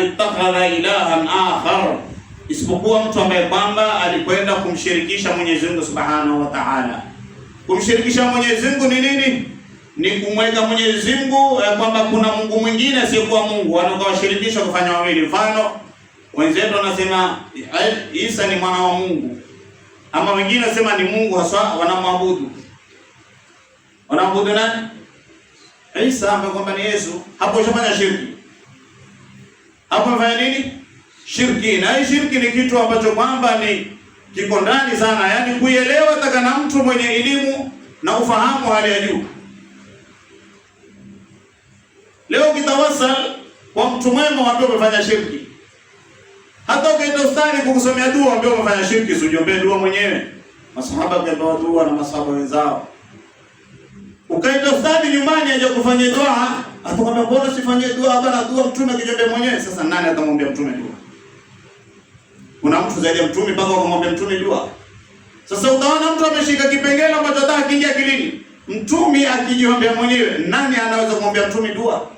man ittakhadha ilahan akhar, isipokuwa mtu ambaye kwamba alikwenda kumshirikisha Mwenyezi Mungu Subhanahu wa Ta'ala. Kumshirikisha Mwenyezi Mungu ni nini? Ni kumweka Mwenyezi Mungu ya eh, kwamba kuna Mungu mwingine asiyekuwa Mungu, wanakawashirikisha kufanya wawili. Mfano wenzetu wanasema eh, Isa ni mwana wa Mungu, ama wengine wanasema ni Mungu haswa, wanamwabudu wanamwabudu nani? Isa ambaye kwamba ni Yesu, hapo ushafanya shirki hapo amefanya nini? Shirki. Na hii shirki ni kitu ambacho kwamba ni kiko ndani sana, yaani kuielewa taka na mtu mwenye elimu na ufahamu hali ya juu. Leo ukitawasal kwa mtu mwema waambie umefanya shirki, hata ukaenda ustani kukusomea dua waambie umefanya shirki, usijiombee dua mwenyewe. Masahaba kaitoa dua na masahaba wenzao, ukaenda ustani nyumbani aje kufanya dua Akamwambia mbona sifanyie dua? hapa na dua mtume akijonde mwenyewe. Sasa nani atamwambia mtume dua? Kuna mtu zaidi ya mtume mpaka akamwambia mtume dua? Sasa utaona mtu ameshika kipengele ambacho hata hakiingia kilini. Mtume akijiombea mwenyewe, nani anaweza kumwambia mtume dua?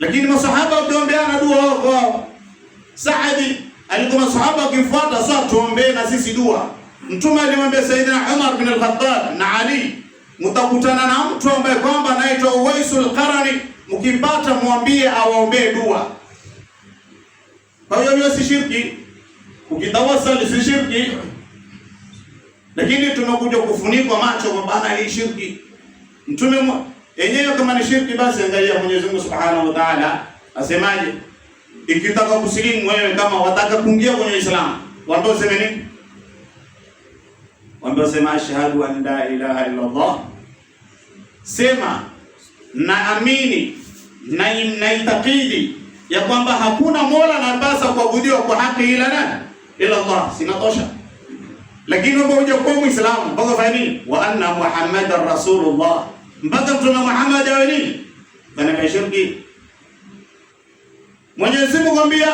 Lakini masahaba wakiombeana dua wao kwa wao. Saadi alikuwa masahaba akimfuata, sasa tuombee na sisi dua. Mtume alimwambia Saidina Umar bin al-Khattab na Ali mtakutana na mtu ambaye kwamba anaitwa Uwaisul Qarani, mkipata mwambie awaombee dua. Kwa hiyo hiyo si shirki, ukitawasali si shirki, lakini tumekuja kufunikwa macho kwa bana hii shirki. Mtume yenyewe kama ni shirki, basi angalia Mwenyezi Mungu Subhanahu wa Ta'ala asemaje? Ikitaka kusilimu wewe, kama wataka kuingia kwenye Uislamu, waambie useme nini? Waambie useme ashhadu an la ilaha illa Allah sema naamini na naitakidi ya kwamba hakuna mola anapasa kuabudiwa kwa haki ila nani? Ila Allah. Sinatosha. Lakini wewe unakuja kwa Muislamu mpaka fanya nini? Wa anna Muhammadar Rasulullah, mpaka mtume Muhammad awe nini? Anafanya shirki. Mwenyezi Mungu kwambia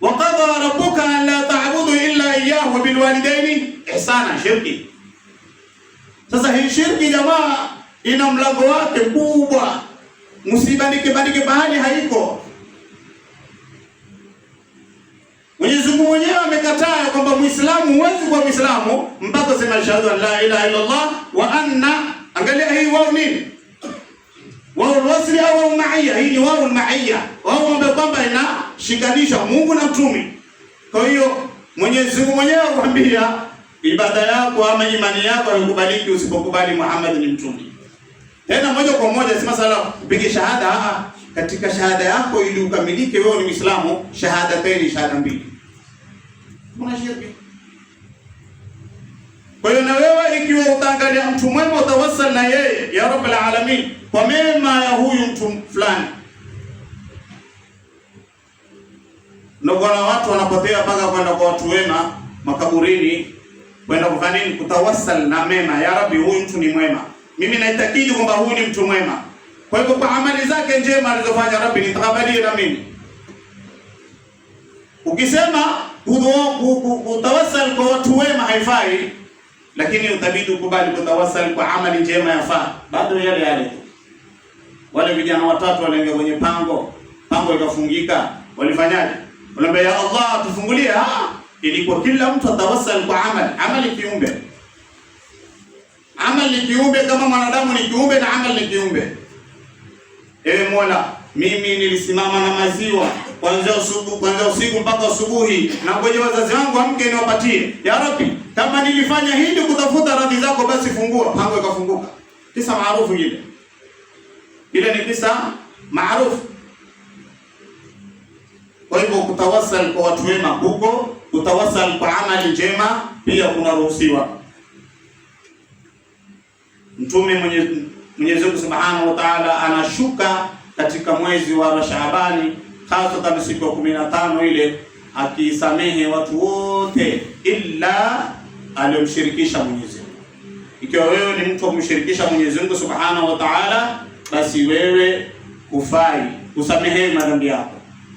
wa qadha rabbuka an la ta'budu illa iyyahu bil walidaini ihsana, shirki sasa hii shirki jamaa, ina mlango wake mkubwa, msibandike bandike bahali haiko. Mwenyezi Mungu mwenyewe amekataa kwamba Muislamu huwezi kuwa Muislamu mpaka sema shahada la ilaha illa Allah wa anna. Angalia hii wao nini, wao wasli au maia, hii ni wao maia, wao ambao kwamba inashikanisha Mungu na mtume. Kwa hiyo Mwenyezi Mungu mwenyewe akwambia ibada yako ama imani yako haikubaliki usipokubali Muhammad ni mtume. Tena moja kwa moja si masala upige shahada a katika shahada yako ili ukamilike wewe ni Muislamu, shahada tena shahada mbili. Kuna shirki. Kwa hiyo na wewe ikiwa utaangalia mtu mwema utawasal na yeye ya Rabbul Alamin kwa mema ya huyu mtu fulani. Ndio watu wanapotea paka kwenda kwa watu wema makaburini kwenda kufanya nini? Kutawasal na mema. Ya Rabbi, huyu mtu ni mwema, mimi naitakidi kwamba huyu ni mtu mwema. Kwa hivyo kwa amali zake njema alizofanya, Rabbi nitakabalie na mimi. Ukisema kutawasal kwa watu wema haifai, lakini utabidi ukubali kutawasal kwa amali njema yafaa. Bado yale yale tu, wale vijana watatu waliingia kwenye pango, pango ikafungika, walifanyaje? Unaambia ya Allah tufungulie. ha? Ah, ilikuwa kila mtu atawasal kwa amali. Amali kiumbe, amali ni kiumbe kama mwanadamu ni kiumbe na amali ni kiumbe. Ewe Mola, mimi nilisimama na maziwa kuanzia usiku kuanzia usiku mpaka asubuhi, na ngoja wazazi wangu amke niwapatie. Ya Rabbi, kama nilifanya hili kutafuta radhi zako, basi fungua. Pango ikafunguka. Kisa maarufu ile ile, ni kisa maarufu. Kwa hivyo kutawasal kwa watu wema huko kutawasal kwa amali njema pia kunaruhusiwa. Mtume Mwenyezi Mungu Subhanahu wa Ta'ala anashuka katika mwezi wa Shaabani, hasatan siku ya kumi na tano ile akisamehe watu wote ila aliyomshirikisha Mwenyezi Mungu. Ikiwa wewe ni mtu wa kumshirikisha Mwenyezi Mungu Subhanahu wa Ta'ala, basi wewe hufai usamehe madhambi yako.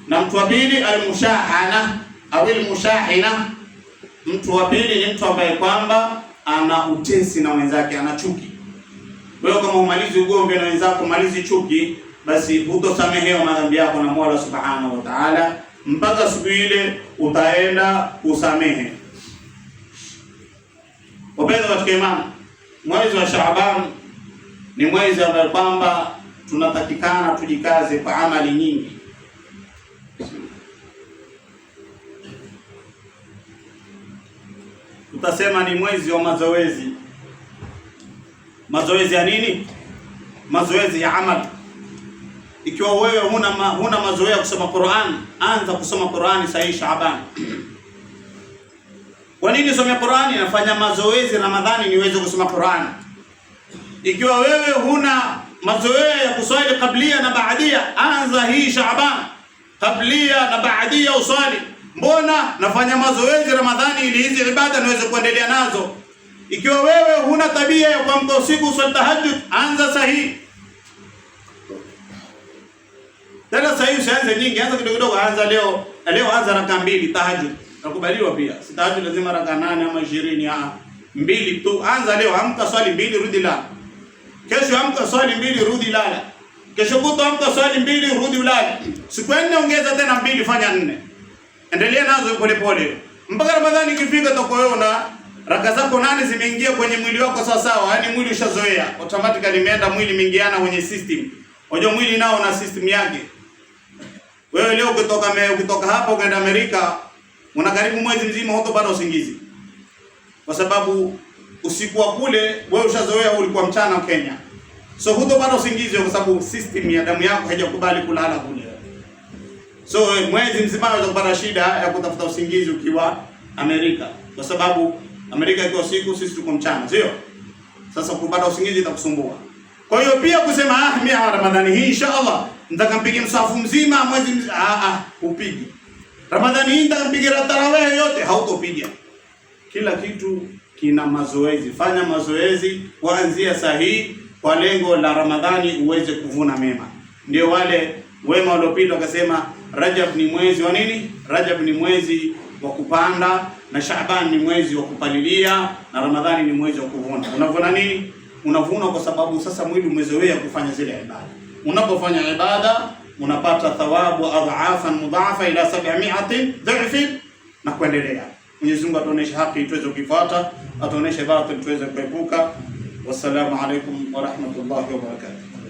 Na mtu wa pili almushahana awil mushahina, mtu wa pili ni mtu ambaye kwamba ana utesi na wenzake, ana chuki. Wewe kama umalizi ugomvi na wenzako, umalizi chuki, basi hutosamehewa madhambi yako na Mola Subhanahu wa Ta'ala mpaka siku ile utaenda usamehe. Wapenzi katika imani, mwezi wa Shaaban ni mwezi ambao kwamba tunatakikana tujikaze kwa amali nyingi. utasema ni mwezi wa mazoezi. Mazoezi ya nini? Mazoezi ya amali. Ikiwa wewe huna ma, huna mazoea kusoma Qur'an, anza kusoma Qur'ani sahi Shaaban. Kwa nini some Qur'ani? Nafanya mazoezi Ramadhani niweze kusoma Qur'an. Ikiwa wewe huna mazoea ya kuswali kablia na baadia, anza hii Shaaban, kablia na baadia uswali. Mbona nafanya mazoezi Ramadhani ili hizi ibada niweze kuendelea nazo? Ikiwa wewe huna tabia ya kuamka usiku uswali tahajjud, anza sahihi. Tena sahihi usianze nyingi, anza kidogo kidogo, anza leo. Leo anza raka mbili tahajjud. Nakubaliwa pia. Si tahajjud lazima raka nane ama 20 ah. Mbili tu. Anza leo, amka swali mbili rudi la. Kesho amka swali mbili rudi lala. Kesho kutwa amka swali mbili rudi ulale. Siku nne ongeza tena mbili fanya nne endelea nazo polepole mpaka Ramadhani ikifika, tokoona raka zako nane zimeingia kwenye mwili wako sawa sawa, yani mwili ushazoea, automatically imeenda mwili mingiana kwenye system. Unajua mwili nao na system yake. Wewe leo ukitoka me, ukitoka hapa ukaenda Amerika, una karibu mwezi mzima huko bado usingizi, kwa sababu usiku wa kule wewe ushazoea, ulikuwa mchana Kenya, so huko bado usingizi, kwa sababu system ya damu yako haijakubali kulala kule. So eh, mwezi mzima anaweza kupata shida ya kutafuta usingizi ukiwa Amerika, kwa sababu Amerika iko usiku, sisi tuko mchana, sio? Sasa kupata usingizi itakusumbua. Kwa hiyo pia kusema ah, mimi Ramadhani hii inshallah nitakampiga msafu mzima mwezi mzima, ah ah, upige Ramadhani hii nitakampiga tarawih yote, hautopiga. Kila kitu kina mazoezi. Fanya mazoezi kuanzia saa hii kwa lengo la Ramadhani uweze kuvuna mema. Ndio wale wema waliopita wakasema Rajab ni mwezi wa nini? Rajab ni mwezi wa kupanda na Shaaban ni mwezi wa kupalilia na Ramadhani ni mwezi wa kuvuna. Unavuna nini? Unavuna kwa sababu sasa mwili umezoea kufanya zile ibada. Unapofanya ibada unapata thawabu adhafan mudhafa ila 700 dhifi na kuendelea. Mwenyezi Mungu atuoneshe haki tuweze kuifuata, atuoneshe batil tuweze kuepuka. Wassalamu alaikum wa rahmatullahi wa barakatuh.